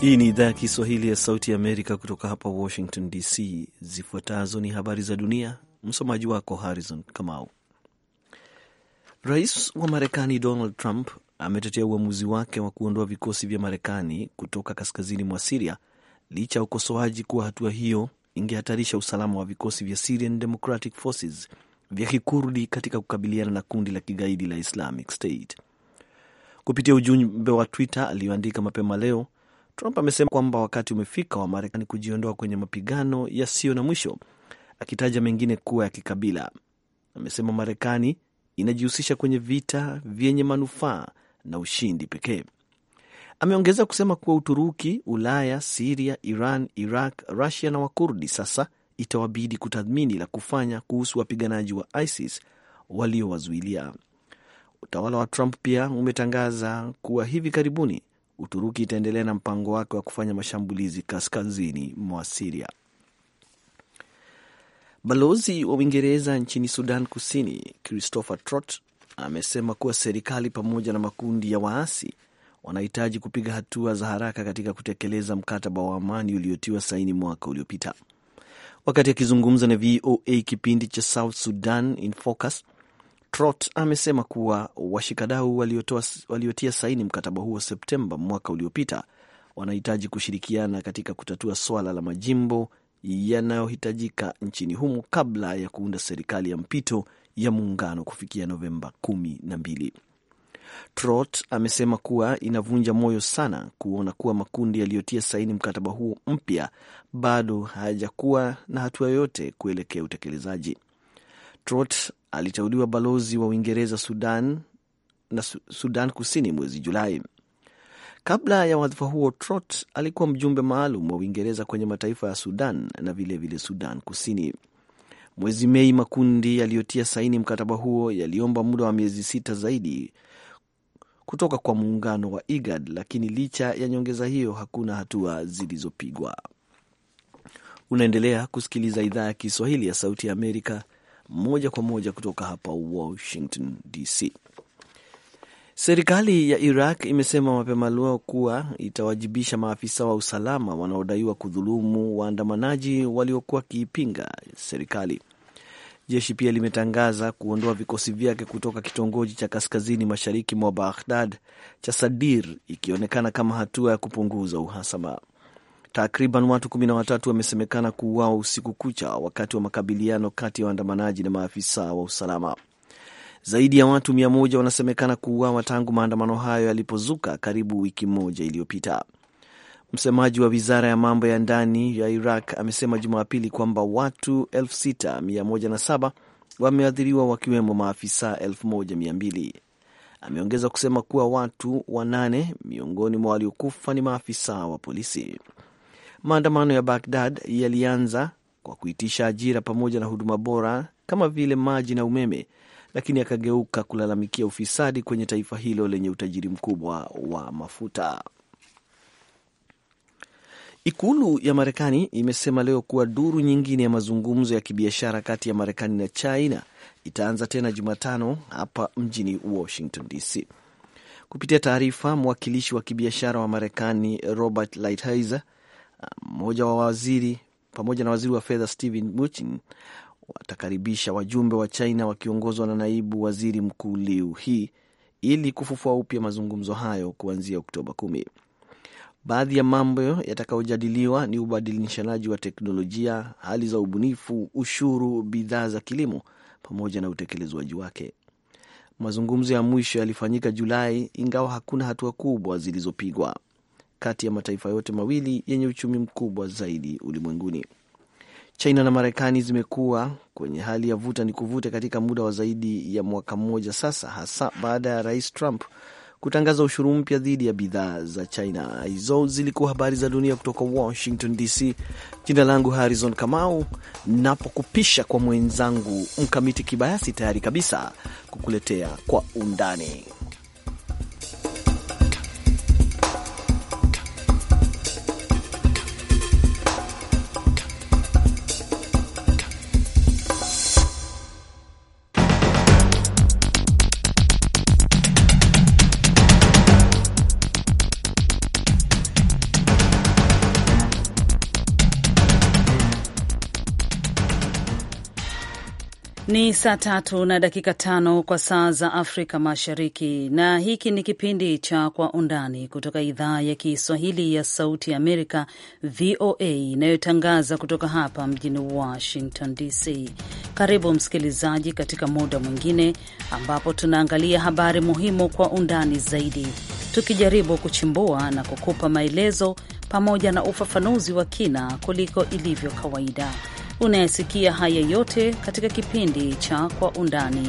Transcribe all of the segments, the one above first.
Hii ni idhaa ya Kiswahili ya Sauti ya Amerika kutoka hapa Washington DC. Zifuatazo ni habari za dunia, msomaji wako Harrison Kamau. Rais wa Marekani Donald Trump ametetea uamuzi wake wa kuondoa vikosi vya Marekani kutoka kaskazini mwa Siria licha ya ukosoaji kuwa hatua hiyo ingehatarisha usalama wa vikosi vya Syrian Democratic Forces vya kikurdi katika kukabiliana na kundi la kigaidi la Islamic State. Kupitia ujumbe wa Twitter aliyoandika mapema leo, Trump amesema kwamba wakati umefika wa Marekani kujiondoa kwenye mapigano yasiyo na mwisho, akitaja mengine kuwa ya kikabila. Amesema Marekani inajihusisha kwenye vita vyenye manufaa na ushindi pekee. Ameongeza kusema kuwa Uturuki, Ulaya, Siria, Iran, Iraq, Rusia na Wakurdi sasa itawabidi kutathmini la kufanya kuhusu wapiganaji wa ISIS waliowazuilia. Utawala wa Trump pia umetangaza kuwa hivi karibuni Uturuki itaendelea na mpango wake wa kufanya mashambulizi kaskazini mwa Siria. Balozi wa Uingereza nchini Sudan Kusini Christopher Trot amesema kuwa serikali pamoja na makundi ya waasi wanahitaji kupiga hatua za haraka katika kutekeleza mkataba wa amani uliotiwa saini mwaka uliopita. Wakati akizungumza na VOA kipindi cha South Sudan in Focus, Trot amesema kuwa washikadau waliotia saini mkataba huo Septemba mwaka uliopita wanahitaji kushirikiana katika kutatua swala la majimbo yanayohitajika nchini humo kabla ya kuunda serikali ya mpito ya muungano kufikia Novemba kumi na mbili. Trot amesema kuwa inavunja moyo sana kuona kuwa makundi yaliyotia saini mkataba huo mpya bado hayajakuwa na hatua yoyote kuelekea utekelezaji. Trot aliteuliwa balozi wa Uingereza Sudan na Sudan Kusini mwezi Julai. Kabla ya wadhifa huo, Trot alikuwa mjumbe maalum wa Uingereza kwenye mataifa ya Sudan na vilevile vile Sudan Kusini. Mwezi Mei, makundi yaliyotia saini mkataba huo yaliomba muda wa miezi sita zaidi kutoka kwa muungano wa IGAD, lakini licha ya nyongeza hiyo hakuna hatua zilizopigwa. Unaendelea kusikiliza idhaa ya Kiswahili ya Sauti ya Amerika moja kwa moja kutoka hapa Washington DC. Serikali ya Iraq imesema mapema leo kuwa itawajibisha maafisa wa usalama wanaodaiwa kudhulumu waandamanaji waliokuwa wakiipinga serikali. Jeshi pia limetangaza kuondoa vikosi vyake kutoka kitongoji cha kaskazini mashariki mwa Baghdad cha Sadir, ikionekana kama hatua ya kupunguza uhasama. Takriban watu kumi na watatu wamesemekana kuuawa usiku kucha wakati wa makabiliano kati ya waandamanaji na maafisa wa usalama. Zaidi ya watu mia moja wanasemekana kuuawa tangu maandamano hayo yalipozuka karibu wiki moja iliyopita. Msemaji wa wizara ya mambo ya ndani ya Iraq amesema Jumapili kwamba watu 6107 wameathiriwa wakiwemo maafisa 1200. Ameongeza kusema kuwa watu wanane miongoni mwa waliokufa ni maafisa wa polisi. Maandamano ya Bagdad yalianza kwa kuitisha ajira pamoja na huduma bora kama vile maji na umeme, lakini akageuka kulalamikia ufisadi kwenye taifa hilo lenye utajiri mkubwa wa mafuta. Ikulu ya Marekani imesema leo kuwa duru nyingine ya mazungumzo ya kibiashara kati ya Marekani na China itaanza tena Jumatano hapa mjini Washington DC. Kupitia taarifa, mwakilishi wa kibiashara wa Marekani Robert Lighthizer mmoja wa waziri pamoja na waziri wa fedha Steven Mnuchin watakaribisha wajumbe wa China wakiongozwa na naibu waziri mkuu Liu He ili kufufua upya mazungumzo hayo kuanzia Oktoba kumi. Baadhi ya mambo yatakayojadiliwa ni ubadilishanaji wa teknolojia, hali za ubunifu, ushuru, bidhaa za kilimo pamoja na utekelezwaji wake. Mazungumzo ya mwisho yalifanyika Julai, ingawa hakuna hatua kubwa zilizopigwa kati ya mataifa yote mawili yenye uchumi mkubwa zaidi ulimwenguni. China na Marekani zimekuwa kwenye hali ya vuta ni kuvute katika muda wa zaidi ya mwaka mmoja sasa, hasa baada ya Rais Trump kutangaza ushuru mpya dhidi ya bidhaa za China. Hizo zilikuwa habari za dunia kutoka Washington DC. Jina langu Harrison Kamau, napokupisha kwa mwenzangu Mkamiti Kibayasi, tayari kabisa kukuletea kwa undani Saa tatu na dakika tano kwa saa za Afrika Mashariki, na hiki ni kipindi cha Kwa Undani kutoka idhaa ya Kiswahili ya Sauti ya Amerika, VOA, inayotangaza kutoka hapa mjini Washington DC. Karibu msikilizaji, katika muda mwingine ambapo tunaangalia habari muhimu kwa undani zaidi, tukijaribu kuchimbua na kukupa maelezo pamoja na ufafanuzi wa kina kuliko ilivyo kawaida. Unayasikia haya yote katika kipindi cha Kwa Undani.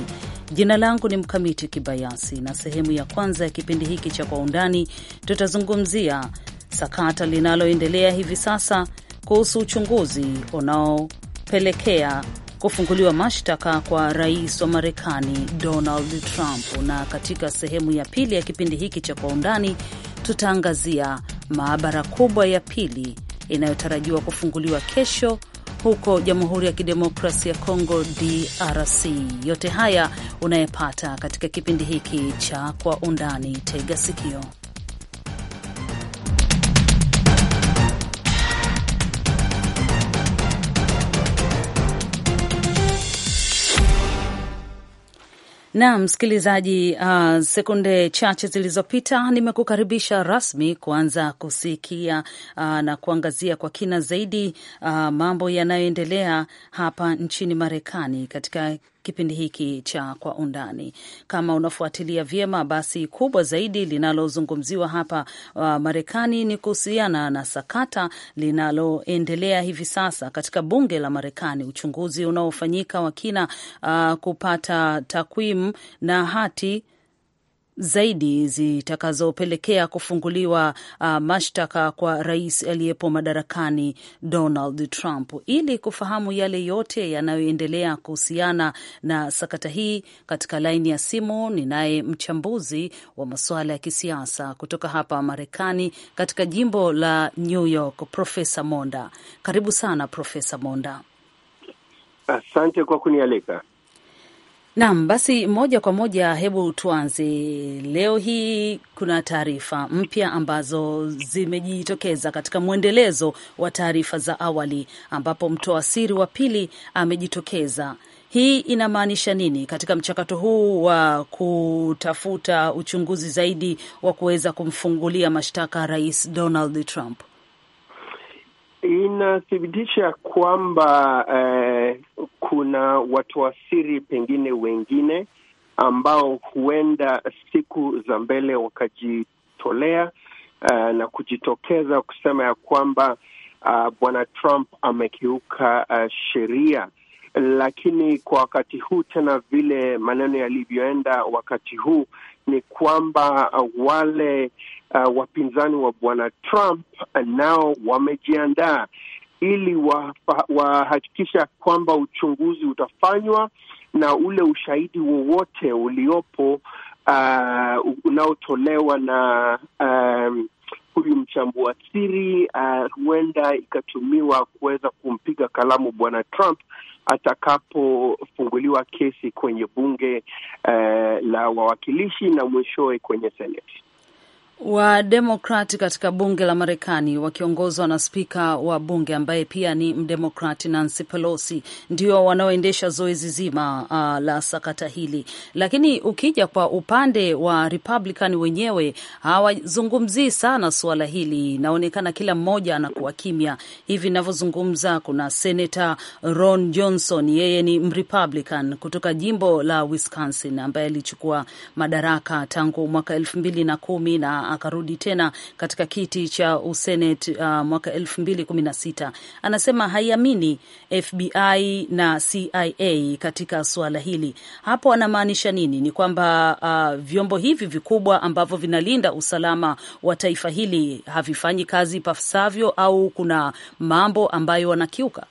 Jina langu ni Mkamiti Kibayasi, na sehemu ya kwanza ya kipindi hiki cha Kwa Undani tutazungumzia sakata linaloendelea hivi sasa kuhusu uchunguzi unaopelekea kufunguliwa mashtaka kwa rais wa Marekani Donald Trump, na katika sehemu ya pili ya kipindi hiki cha Kwa Undani tutaangazia maabara kubwa ya pili inayotarajiwa kufunguliwa kesho huko Jamhuri ya Kidemokrasia ya Kongo, DRC. Yote haya unayepata katika kipindi hiki cha Kwa Undani. Tega sikio. Na msikilizaji, uh, sekunde chache zilizopita nimekukaribisha rasmi kuanza kusikia uh, na kuangazia kwa kina zaidi uh, mambo yanayoendelea hapa nchini Marekani katika kipindi hiki cha Kwa Undani. Kama unafuatilia vyema, basi kubwa zaidi linalozungumziwa hapa uh, Marekani ni kuhusiana na sakata linaloendelea hivi sasa katika bunge la Marekani, uchunguzi unaofanyika wa kina uh, kupata takwimu na hati zaidi zitakazopelekea kufunguliwa uh, mashtaka kwa rais aliyepo madarakani Donald Trump. Ili kufahamu yale yote yanayoendelea kuhusiana na sakata hii, katika laini ya simu ninaye mchambuzi wa masuala ya kisiasa kutoka hapa Marekani, katika jimbo la New York, Profesa Monda. Karibu sana Profesa Monda. Asante kwa kunialika. Naam, basi moja kwa moja, hebu tuanze leo hii. Kuna taarifa mpya ambazo zimejitokeza katika mwendelezo wa taarifa za awali, ambapo mtoa siri wa pili amejitokeza. Hii inamaanisha nini katika mchakato huu wa kutafuta uchunguzi zaidi wa kuweza kumfungulia mashtaka Rais Donald Trump? inathibitisha kwamba eh, kuna watu siri pengine wengine ambao huenda siku za mbele wakajitolea eh, na kujitokeza kusema ya kwamba eh, bwana Trump amekiuka eh, sheria lakini kwa wakati huu tena, vile maneno yalivyoenda wakati huu, ni kwamba uh, wale uh, wapinzani wa bwana Trump uh, nao wamejiandaa ili wahakikisha wa kwamba uchunguzi utafanywa na ule ushahidi wowote uliopo uh, unaotolewa na um, huyu mchambua siri ah, huenda uh, ikatumiwa kuweza kumpiga kalamu bwana Trump atakapofunguliwa kesi kwenye bunge uh, la wawakilishi na mwishowe kwenye seneti. Wademokrati katika bunge la Marekani wakiongozwa na spika wa bunge ambaye pia ni mdemokrati Nancy Pelosi ndio wanaoendesha zoezi zima uh, la sakata hili, lakini ukija kwa upande wa Republican wenyewe hawazungumzii sana suala hili. Inaonekana kila mmoja anakuwa kimya. Hivi inavyozungumza kuna senata Ron Johnson, yeye ni Mrepublican kutoka jimbo la Wisconsin ambaye alichukua madaraka tangu mwaka elfu mbili na kumi na akarudi tena katika kiti cha useneti uh, mwaka elfu mbili kumi na sita. Anasema haiamini FBI na CIA katika suala hili. Hapo anamaanisha nini? Ni kwamba uh, vyombo hivi vikubwa ambavyo vinalinda usalama wa taifa hili havifanyi kazi ipasavyo, au kuna mambo ambayo wanakiuka?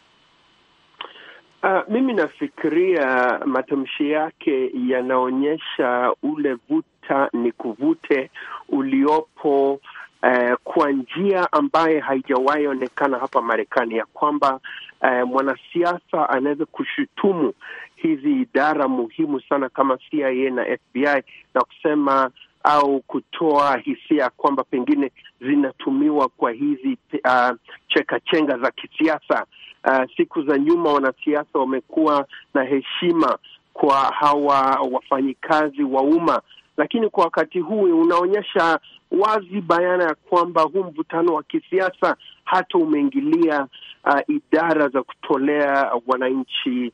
Uh, mimi nafikiria matamshi yake yanaonyesha ule vuta vuta ni kuvute uliopo eh, kwa njia ambaye haijawahi onekana hapa Marekani, ya kwamba eh, mwanasiasa anaweza kushutumu hizi idara muhimu sana kama CIA na FBI na kusema au kutoa hisia ya kwamba pengine zinatumiwa kwa hizi uh, chekachenga za kisiasa. Uh, siku za nyuma wanasiasa wamekuwa na heshima kwa hawa wafanyikazi wa umma lakini kwa wakati huu unaonyesha wazi bayana ya kwamba huu mvutano wa kisiasa hata umeingilia uh, idara za kutolea wananchi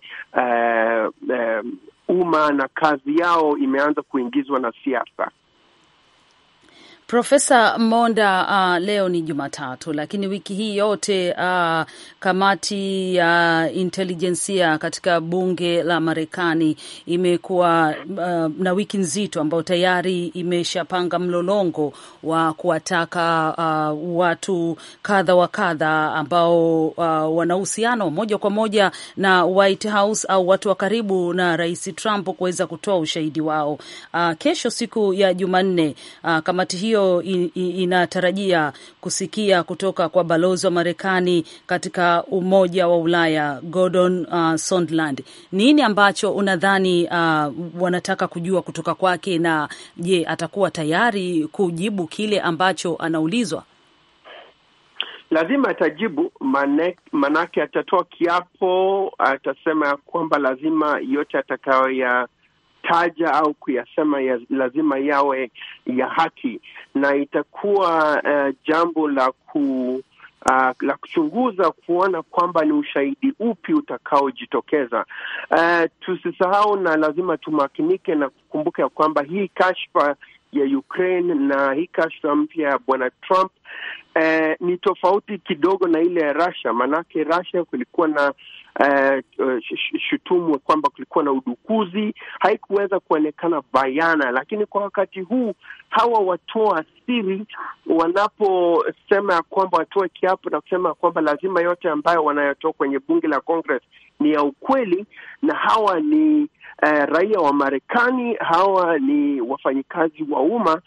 umma uh, um, na kazi yao imeanza kuingizwa na siasa. Profesa Monda, uh, leo ni Jumatatu, lakini wiki hii yote uh, kamati ya uh, intelijensia katika bunge la Marekani imekuwa uh, na wiki nzito ambayo tayari imeshapanga mlolongo wa kuwataka uh, watu kadha wa kadha ambao uh, wana uhusiano moja kwa moja na White House au watu wa karibu na Rais Trump kuweza kutoa ushahidi wao. Uh, kesho siku ya Jumanne uh, kamati hiyo inatarajia kusikia kutoka kwa balozi wa Marekani katika Umoja wa Ulaya Gordon uh, Sondland. Nini ambacho unadhani uh, wanataka kujua kutoka kwake, na je, atakuwa tayari kujibu kile ambacho anaulizwa? Lazima atajibu manake atatoa kiapo, atasema ya kwamba lazima yote atakayoya kuyataja au kuyasema ya, lazima yawe ya haki na itakuwa uh, jambo la ku Uh, la kuchunguza kuona kwamba ni ushahidi upi utakaojitokeza. Uh, tusisahau na lazima tumakinike na kukumbuka ya kwamba hii kashfa ya Ukraine na hii kashfa mpya ya bwana Trump uh, ni tofauti kidogo na ile ya Russia, maanake Russia kulikuwa na eh, eh shutumu kwamba kulikuwa na udukuzi, haikuweza kuonekana bayana, lakini kwa wakati huu hawa watoa siri wanaposema ya kwamba watoe kiapo na kusema ya kwamba lazima yote ambayo wanayotoa kwenye bunge la Congress ni ya ukweli, na hawa ni eh, raia wa Marekani, hawa ni wafanyikazi wa umma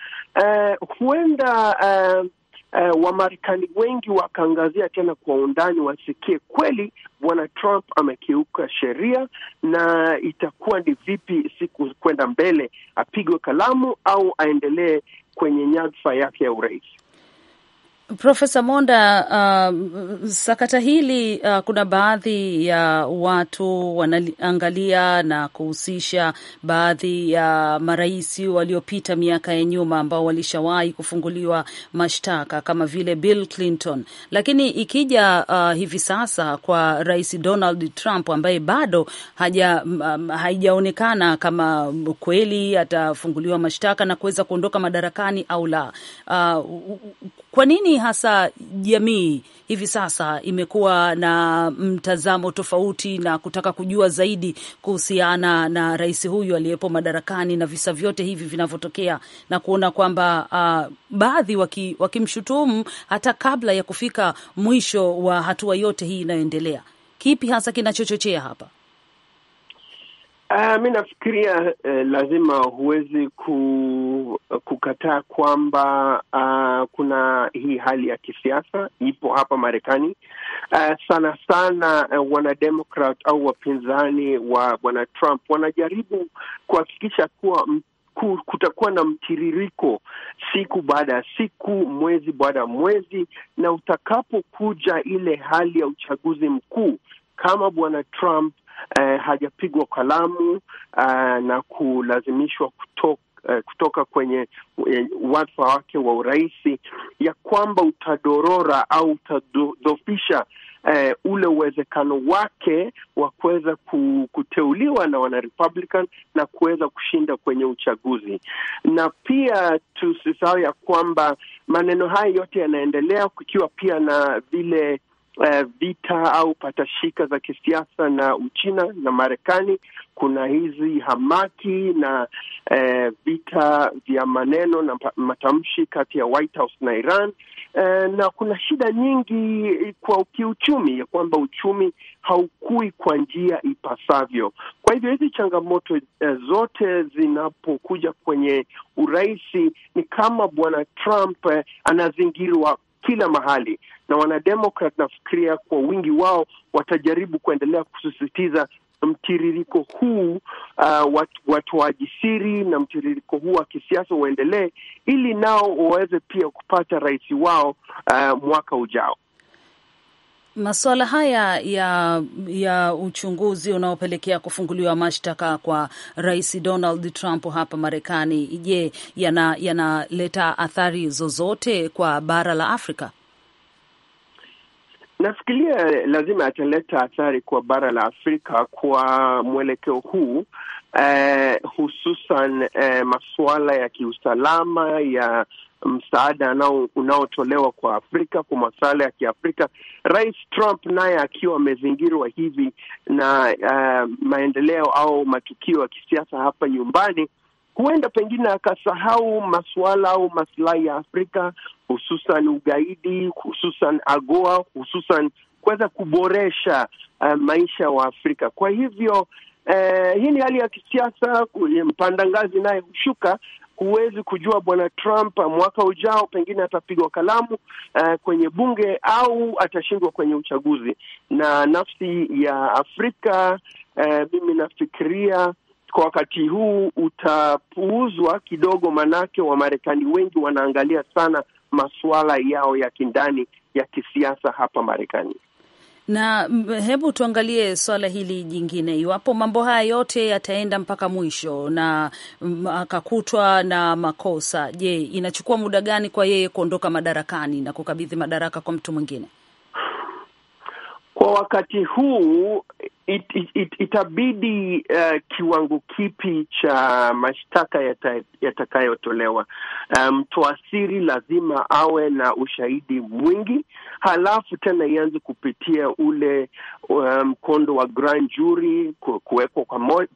eh, huenda eh, Uh, Wamarekani wengi wakaangazia tena kwa undani, wasikie kweli bwana Trump amekiuka sheria na itakuwa ni vipi siku kwenda mbele, apigwe kalamu au aendelee kwenye nyadhifa yake ya urais? Profesa Monda, uh, sakata hili uh, kuna baadhi ya watu wanaangalia na kuhusisha baadhi ya marais waliopita miaka ya nyuma ambao walishawahi kufunguliwa mashtaka kama vile Bill Clinton, lakini ikija uh, hivi sasa kwa Rais Donald Trump ambaye bado haja, um, haijaonekana kama kweli atafunguliwa mashtaka na kuweza kuondoka madarakani au la uh, kwa nini hasa jamii hivi sasa imekuwa na mtazamo tofauti na kutaka kujua zaidi kuhusiana na rais huyu aliyepo madarakani na visa vyote hivi vinavyotokea, na kuona kwamba uh, baadhi wakimshutumu waki hata kabla ya kufika mwisho wa hatua yote hii inayoendelea? Kipi hasa kinachochochea hapa? Uh, mi nafikiria eh, lazima huwezi ku, eh, kukataa kwamba uh, kuna hii hali ya kisiasa ipo hapa Marekani. Uh, sana sana uh, wanademokrat au wapinzani wa bwana Trump wanajaribu kuhakikisha kuwa kutakuwa na mtiririko siku baada ya siku, mwezi baada ya mwezi, na utakapokuja ile hali ya uchaguzi mkuu kama bwana Trump eh, hajapigwa kalamu eh, na kulazimishwa kutoka eh, kutoka kwenye eh, wadhifa wake wa urahisi ya kwamba utadorora au utadhofisha eh, ule uwezekano wake wa kuweza kuteuliwa na wanaa na kuweza kushinda kwenye uchaguzi. Na pia tusisahau ya kwamba maneno haya yote yanaendelea kukiwa pia na vile Eh, vita au patashika za kisiasa na Uchina na Marekani. Kuna hizi hamaki na eh, vita vya maneno na matamshi kati ya White House na Iran. eh, na kuna shida nyingi kwa kiuchumi ya kwamba uchumi haukui kwa njia ipasavyo. Kwa hivyo hizi changamoto eh, zote zinapokuja kwenye uraisi, ni kama bwana Trump eh, anazingirwa kila mahali, na wanademokrat nafikiria kwa wingi wao watajaribu kuendelea kusisitiza mtiririko huu uh, watoaji siri na mtiririko huu wa kisiasa uendelee, ili nao waweze pia kupata rais wao uh, mwaka ujao masuala haya ya, ya uchunguzi unaopelekea kufunguliwa mashtaka kwa Rais Donald Trump hapa Marekani, je, yanaleta yana athari zozote kwa bara la Afrika? Nafikiria lazima ataleta athari kwa bara la Afrika kwa mwelekeo huu eh, hususan eh, masuala ya kiusalama ya msaada unaotolewa kwa Afrika kwa masuala ya Kiafrika. Rais Trump naye akiwa amezingirwa hivi na uh, maendeleo au matukio ya kisiasa hapa nyumbani, huenda pengine akasahau masuala au masilahi ya Afrika, hususan ugaidi, hususan AGOA, hususan kuweza kuboresha uh, maisha wa Afrika. Kwa hivyo uh, hii ni hali ya kisiasa. Mpanda ngazi naye hushuka, huwezi kujua bwana Trump uh, mwaka ujao pengine atapigwa kalamu uh, kwenye bunge au atashindwa kwenye uchaguzi. Na nafsi ya Afrika uh, mimi nafikiria kwa wakati huu utapuuzwa kidogo, manake Wamarekani wengi wanaangalia sana masuala yao ya kindani ya kisiasa hapa Marekani. Na hebu tuangalie swala hili jingine, iwapo mambo haya yote yataenda mpaka mwisho na akakutwa na makosa, je, inachukua muda gani kwa yeye kuondoka madarakani na kukabidhi madaraka kwa mtu mwingine? Kwa wakati huu it, it, it, itabidi uh, kiwango kipi cha mashtaka yatakayotolewa. Yata eh, mtoasiri um, lazima awe na ushahidi mwingi, halafu tena ianze kupitia ule eh, mkondo um, wa grand jury kuwekwa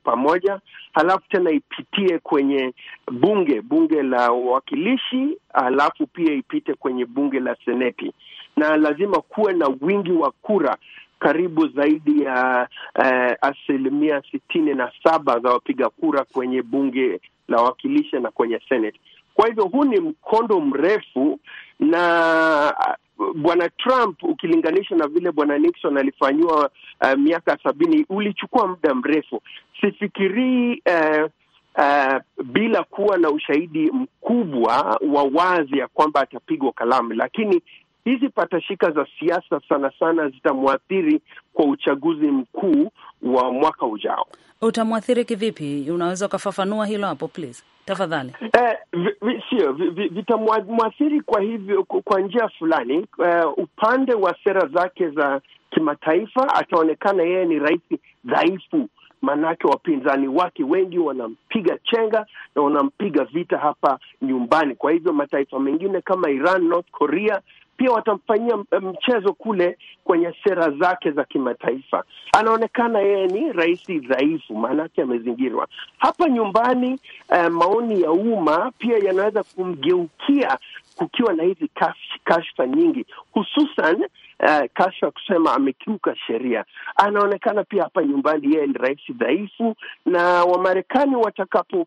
pamoja, halafu tena ipitie kwenye bunge bunge la wawakilishi, halafu pia ipite kwenye bunge la seneti na lazima kuwe na wingi wa kura karibu zaidi ya uh, asilimia sitini na saba za wapiga kura kwenye bunge la wawakilishi na kwenye seneti. Kwa hivyo huu ni mkondo mrefu, na eh, bwana Trump ukilinganisha na vile bwana Nixon alifanyiwa uh, eh, miaka sabini ulichukua muda mrefu. Sifikirii uh, uh, bila kuwa na ushahidi mkubwa wa wazi ya kwamba atapigwa kalamu, lakini hizi patashika za siasa sana sana zitamwathiri kwa uchaguzi mkuu wa mwaka ujao. Utamwathiri kivipi? Unaweza ukafafanua hilo hapo please, tafadhali? Eh, sio vitamwathiri kwa hivyo, kwa njia fulani eh, upande wa sera zake za kimataifa ataonekana yeye ni rais dhaifu, maanake wapinzani wake wengi wanampiga chenga na wanampiga vita hapa nyumbani. Kwa hivyo mataifa mengine kama Iran, North Korea pia watamfanyia mchezo kule kwenye sera zake za kimataifa. Anaonekana yeye ni rais dhaifu, maanake amezingirwa. Hapa nyumbani, eh, maoni ya umma pia yanaweza kumgeukia kukiwa na hizi kashfa nyingi hususan uh, kusema amekiuka sheria. Anaonekana pia hapa nyumbani yeye ni rais dhaifu, na Wamarekani watakapo uh,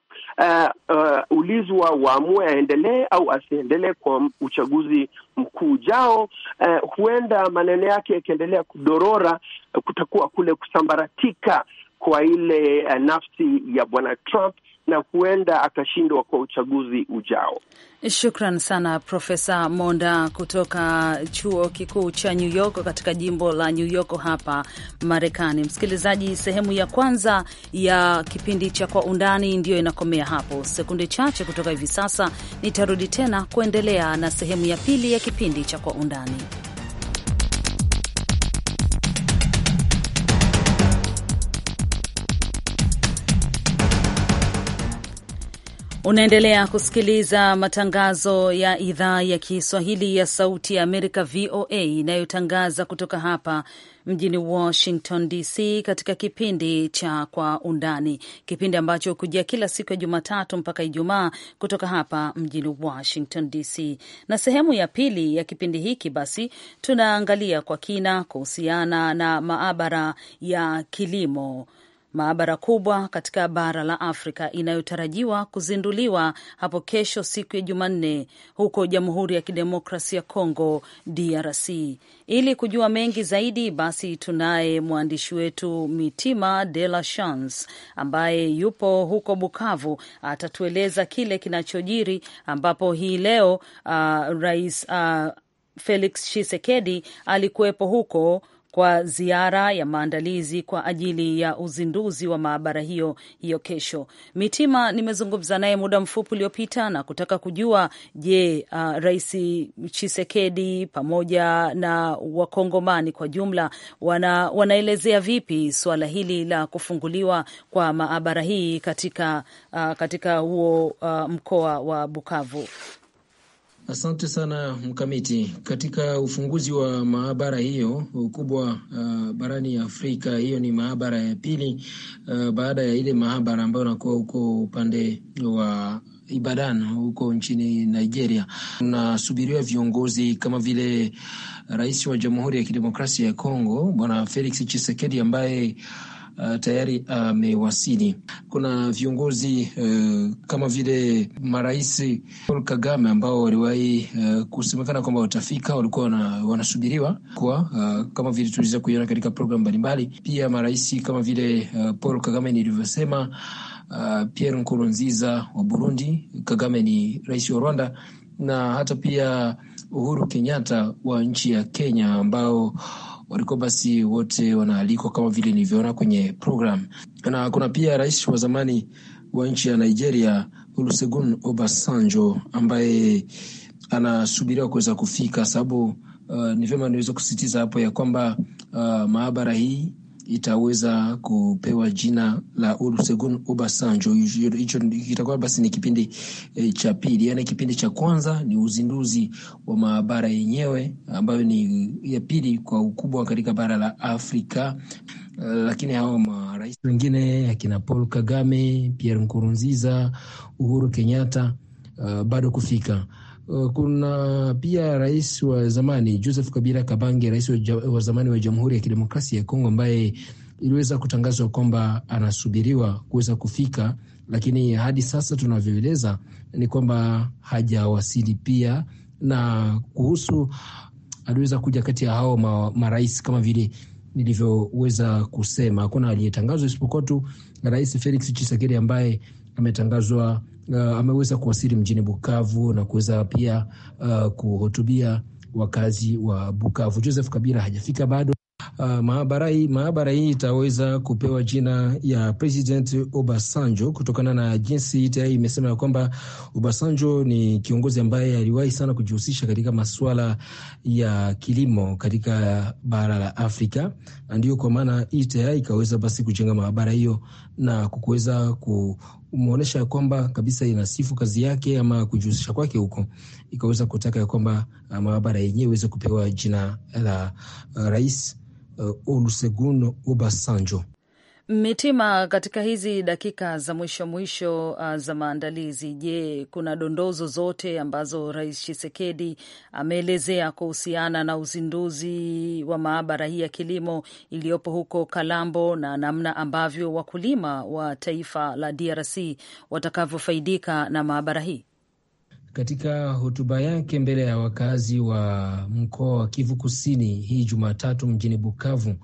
uh, ulizwa waamue aendelee au asiendelee kwa uchaguzi mkuu ujao, uh, huenda maneno yake yakiendelea kudorora, uh, kutakuwa kule kusambaratika kwa ile uh, nafsi ya bwana Trump na huenda akashindwa kwa uchaguzi ujao. Shukran sana Profesa Monda kutoka chuo kikuu cha New York katika jimbo la New York hapa Marekani. Msikilizaji, sehemu ya kwanza ya kipindi cha Kwa Undani ndiyo inakomea hapo. Sekunde chache kutoka hivi sasa nitarudi tena kuendelea na sehemu ya pili ya kipindi cha Kwa Undani. Unaendelea kusikiliza matangazo ya idhaa ya Kiswahili ya Sauti ya Amerika, VOA, inayotangaza kutoka hapa mjini Washington DC, katika kipindi cha Kwa Undani, kipindi ambacho hukujia kila siku ya Jumatatu mpaka Ijumaa kutoka hapa mjini Washington DC. Na sehemu ya pili ya kipindi hiki, basi tunaangalia kwa kina kuhusiana na maabara ya kilimo maabara kubwa katika bara la Afrika inayotarajiwa kuzinduliwa hapo kesho siku ya Jumanne huko Jamhuri ya Kidemokrasia ya Kongo DRC. Ili kujua mengi zaidi, basi tunaye mwandishi wetu Mitima de la Chance ambaye yupo huko Bukavu, atatueleza kile kinachojiri, ambapo hii leo uh, rais uh, Felix Tshisekedi alikuwepo huko kwa ziara ya maandalizi kwa ajili ya uzinduzi wa maabara hiyo hiyo kesho. Mitima nimezungumza naye muda mfupi uliopita na kutaka kujua je, uh, Rais Chisekedi pamoja na Wakongomani kwa jumla wana, wanaelezea vipi suala hili la kufunguliwa kwa maabara hii katika, uh, katika huo uh, mkoa wa Bukavu. Asante sana Mkamiti. Katika ufunguzi wa maabara hiyo ukubwa uh, barani ya Afrika, hiyo ni maabara ya pili uh, baada ya ile maabara ambayo inakuwa huko upande wa Ibadan huko nchini Nigeria. Unasubiriwa viongozi kama vile Rais wa Jamhuri ya Kidemokrasia ya Kongo Bwana Felix Tshisekedi ambaye uh, tayari amewasili. Uh, kuna viongozi uh, kama vile marais Paul Kagame ambao waliwahi uh, kusemekana kwamba watafika, walikuwa wanasubiriwa kwa uh, kama vile tuliweza kuiona katika programu mbalimbali. Pia marais kama vile uh, Paul Kagame nilivyosema, uh, Pierre Nkurunziza wa Burundi, Kagame ni rais wa Rwanda na hata pia Uhuru Kenyatta wa nchi ya Kenya ambao walikuwa basi wote wanaalikwa kama vile nilivyoona kwenye program, na kuna pia rais wa zamani wa nchi ya Nigeria Olusegun Obasanjo ambaye anasubiriwa kuweza kufika sababu Uh, ni vyema niweze kusisitiza hapo ya kwamba uh, maabara hii itaweza kupewa jina la Olusegun Obasanjo. Hicho kitakuwa basi ni kipindi e, cha pili. Yaani kipindi cha kwanza ni uzinduzi wa maabara yenyewe ambayo ni ya pili kwa ukubwa katika bara la Afrika. lakini hao marais wengine akina Paul Kagame, Pierre Nkurunziza, Uhuru Kenyatta uh, bado kufika Eh, kuna pia rais wa zamani Joseph Kabila Kabange, rais wa zamani wa Jamhuri ya Kidemokrasia ya Kongo ambaye iliweza kutangazwa kwamba anasubiriwa kuweza kufika, lakini hadi sasa tunavyoeleza ni kwamba hajawasili pia. Na kuhusu aliweza kuja kati ya hao marais kama vile nilivyoweza kusema, hakuna aliyetangazwa isipokuwa tu Rais Felix Tshisekedi ambaye ametangazwa uh, ameweza kuwasili mjini Bukavu na kuweza pia uh, kuhutubia wakazi wa Bukavu. Joseph Kabila hajafika bado. Uh, maabara hii maabara hii itaweza kupewa jina ya President Obasanjo kutokana na jinsi ita imesema ya kwamba Obasanjo ni kiongozi ambaye aliwahi sana kujihusisha katika masuala ya kilimo katika bara la Afrika, na ndio kwa maana ita ikaweza basi kujenga maabara hiyo na kukuweza ku umeonyesha kwamba kabisa inasifu kazi yake ama kujihusisha kwake huko, ikaweza kutaka ya kwamba uh, maabara yenyewe iweze kupewa jina la uh, rais uh, Olusegun Obasanjo. Mitima, katika hizi dakika za mwisho mwisho uh, za maandalizi, je, kuna dondoo zozote ambazo Rais chisekedi ameelezea kuhusiana na uzinduzi wa maabara hii ya kilimo iliyopo huko Kalambo na namna ambavyo wakulima wa taifa la DRC watakavyofaidika na maabara hii? Katika hotuba yake mbele ya wakazi wa mkoa wa Kivu Kusini hii Jumatatu mjini Bukavu,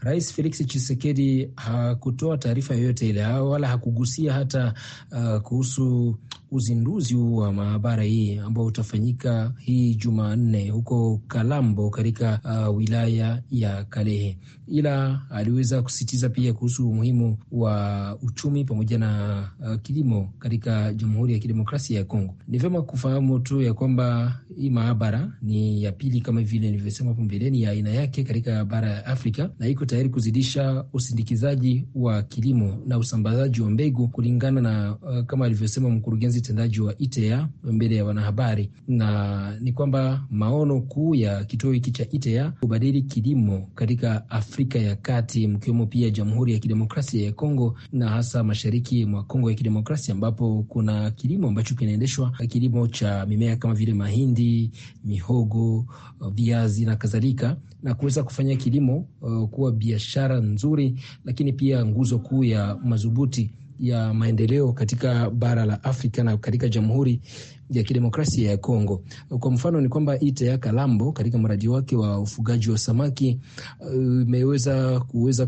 Rais Felix Tshisekedi hakutoa taarifa yoyote ile wala hakugusia hata uh, kuhusu uzinduzi huu wa maabara hii ambao utafanyika hii Jumanne huko Kalambo katika uh, wilaya ya Kalehe, ila aliweza kusisitiza pia kuhusu umuhimu wa uchumi pamoja na uh, kilimo katika Jamhuri ya Kidemokrasia ya Kongo. Ni vyema kufahamu tu ya kwamba hii maabara ni ya pili kama vile nilivyosema hapo mbeleni ya aina yake katika bara ya Afrika na iko tayari kuzidisha usindikizaji wa kilimo na usambazaji wa mbegu kulingana na uh, kama alivyosema mkurugenzi kazi tendaji wa ITEA mbele ya wanahabari, na ni kwamba maono kuu ya kituo hiki cha ITEA kubadili kilimo katika Afrika ya Kati, mkiwemo pia Jamhuri ya Kidemokrasia ya Kongo na hasa mashariki mwa Kongo ya Kidemokrasia, ambapo kuna kilimo ambacho kinaendeshwa, kilimo cha mimea kama vile mahindi, mihogo, viazi na kadhalika, na kuweza kufanya kilimo uh, kuwa biashara nzuri, lakini pia nguzo kuu ya madhubuti ya maendeleo katika bara la Afrika na katika Jamhuri ya Kidemokrasia ya Kongo. Kwa mfano ni kwamba ya Kalambo katika mradi wake wa ufugaji wa samaki uh, imeweza uh, kuweza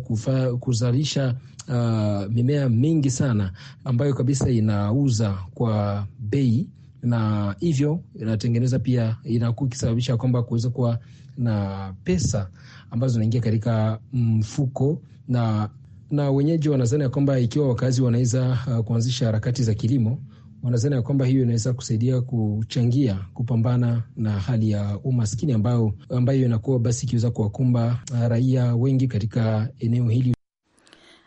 kuzalisha uh, mimea mingi sana ambayo kabisa inauza kwa bei na hivyo inatengeneza pia inakuwa ikisababisha kwamba kuweza kuwa na pesa ambazo zinaingia katika mm, mfuko na na wenyeji wanazani ya kwamba ikiwa wakazi wanaweza uh, kuanzisha harakati za kilimo, wanazani ya kwamba hiyo inaweza kusaidia kuchangia kupambana na hali ya umaskini ambayo, ambayo inakuwa basi ikiweza kuwakumba uh, raia wengi katika eneo hili.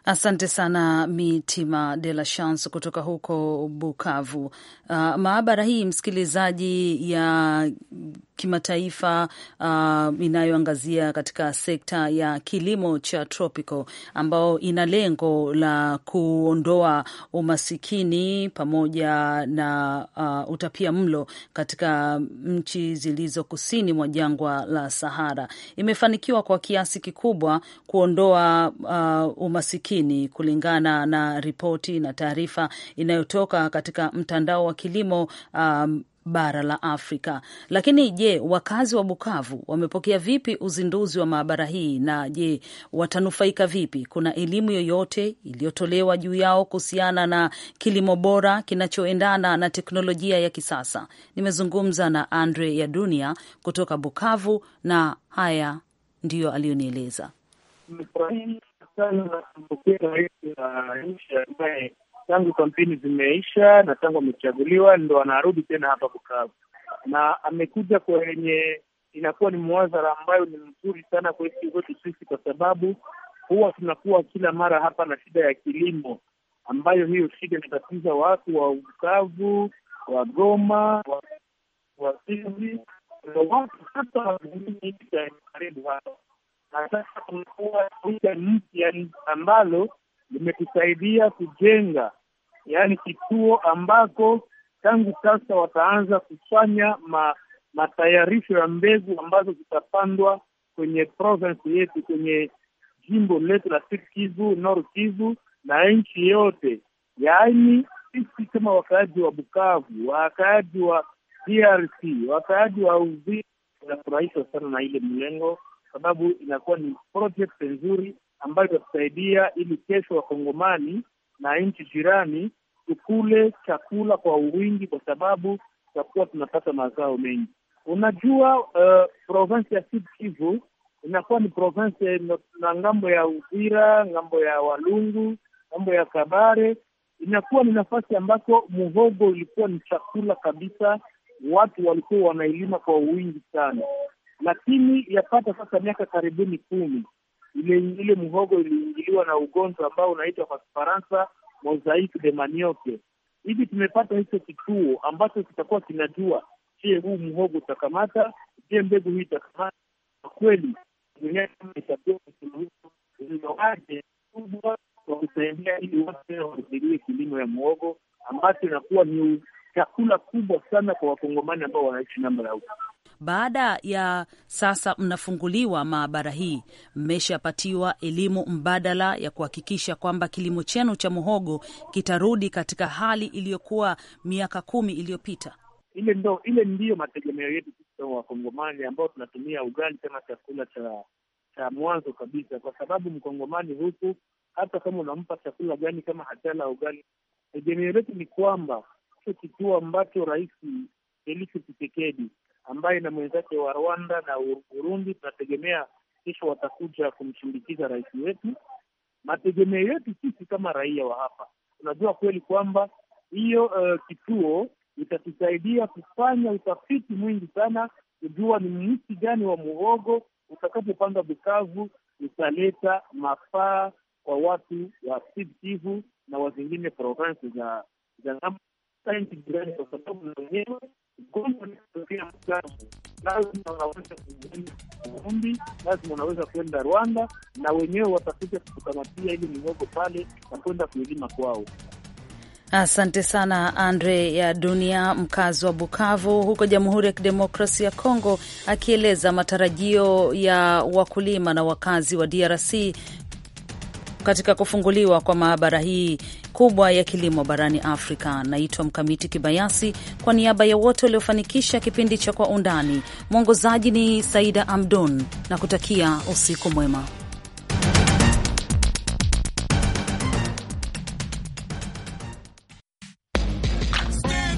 Asante sana Mitima de la Chance kutoka huko Bukavu. Uh, maabara hii msikilizaji ya kimataifa uh, inayoangazia katika sekta ya kilimo cha tropical ambao ina lengo la kuondoa umasikini pamoja na uh, utapia mlo katika nchi zilizo kusini mwa jangwa la Sahara. Imefanikiwa kwa kiasi kikubwa kuondoa uh, umasikini kulingana na ripoti na taarifa inayotoka katika mtandao wa kilimo um, bara la Afrika. Lakini je, wakazi wa Bukavu wamepokea vipi uzinduzi wa maabara hii, na je watanufaika vipi? Kuna elimu yoyote iliyotolewa juu yao kuhusiana na kilimo bora kinachoendana na teknolojia ya kisasa? Nimezungumza na Andre ya Dunia kutoka Bukavu na haya ndiyo aliyonieleza tangu kampeni zimeisha na tangu amechaguliwa ndo anarudi tena hapa Bukavu, na amekuja kwenye inakuwa ni mwadhara ambayo ni mzuri sana kwetu kwetu sisi, kwa sababu huwa tunakuwa kila mara hapa na shida ya kilimo, ambayo hiyo shida inatatiza watu wa Bukavu, wa Goma, Wazizi na watu hata karibu hapa. Na sasa kunakuwa shida mpya ambalo limetusaidia kujenga yaani kituo ambako tangu sasa wataanza kufanya ma, matayarisho ya mbegu ambazo zitapandwa kwenye province yetu, kwenye jimbo letu la Sud Kivu, Nord Kivu na nchi yote. Yaani sisi kama wakaaji wa Bukavu, wakaaji wa DRC, wakaaji wa Uvira inafurahishwa sana na ile mlengo, sababu inakuwa ni project nzuri ambayo itatusaidia ili kesho wakongomani na nchi jirani, tukule chakula kwa wingi, kwa sababu tutakuwa tunapata mazao mengi. Unajua, uh, province ya Sud Kivu inakuwa ni province na ngambo ya Uvira, ngambo ya Walungu, ngambo ya Kabare, inakuwa ni nafasi ambako muhogo ilikuwa ni chakula kabisa, watu walikuwa wanailima kwa wingi sana, lakini yapata sasa miaka karibuni kumi ile ile muhogo iliingiliwa na ugonjwa ambao unaitwa kwa Kifaransa mosaic de manioke. Hivi tumepata hicho kituo ambacho kitakuwa kinajua, je, huu muhogo utakamata? Je, mbegu hii itakamata? Kwa kweli aje kubwa kwa kusaidia ili wote wahudhurie kilimo ya muhogo ambacho inakuwa ni chakula kubwa sana kwa wakongomani ambao wanaishi namba ya baada ya sasa mnafunguliwa maabara hii, mmeshapatiwa elimu mbadala ya kuhakikisha kwamba kilimo chenu cha muhogo kitarudi katika hali iliyokuwa miaka kumi iliyopita? Ile ndo ile ndiyo mategemeo yetu sisi Wakongomani ambao tunatumia ugali kama chakula cha cha mwanzo kabisa, kwa sababu mkongomani huku, hata kama unampa chakula gani, kama hajala ugali, tegemeo letu ni kwamba hicho kituo ambacho Rais Felix Tshisekedi ambaye na mwenzake wa Rwanda na Burundi. Tunategemea kesho watakuja kumshindikiza rais wetu. Mategemeo yetu sisi kama raia wa hapa tunajua kweli kwamba hiyo uh, kituo itatusaidia kufanya utafiti mwingi sana kujua ni mti gani wa muhogo utakapopanda Bukavu utaleta mafaa kwa watu wa Sud Kivu na wazingine province za za nchi jirani, kwa sababu na wenyewe Kongo ni kutokea lazima unaweza kuenda Burundi, lazima unaweza kwenda Rwanda, na wenyewe watakuja kukamatia ili mihogo pale na kwenda kuilima kwao. Asante sana Andre ya Dunia, mkazi wa Bukavu huko Jamhuri ya Kidemokrasia ya Kongo, akieleza matarajio ya wakulima na wakazi wa DRC katika kufunguliwa kwa maabara hii kubwa ya kilimo barani Afrika. Naitwa Mkamiti Kibayasi, kwa niaba ya wote waliofanikisha kipindi cha Kwa Undani. Mwongozaji ni Saida Amdun, na kutakia usiku mwema.